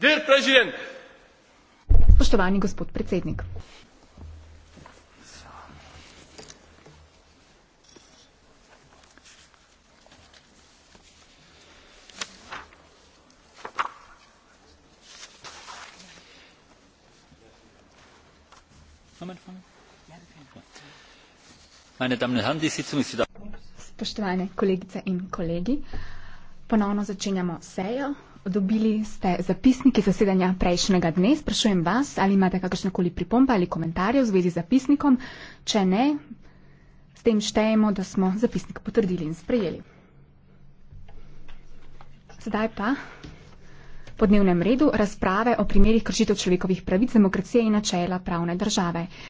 Dear president. Spoštovani gospod predsednik. Spoštovane kolegice in kolegi. Ponovno začenjamo sejo. Dobili ste zapisniki zasedanja prejšnjega dne. Sprašujem vas, ali imate kakršnekoli pripombe ali komentarje v zvezi z zapisnikom. Če ne, s tem štejemo, da smo zapisnik potrdili in sprejeli. Sedaj pa po dnevnem redu razprave o primerih kršitev človekovih pravic, demokracije in načela pravne države.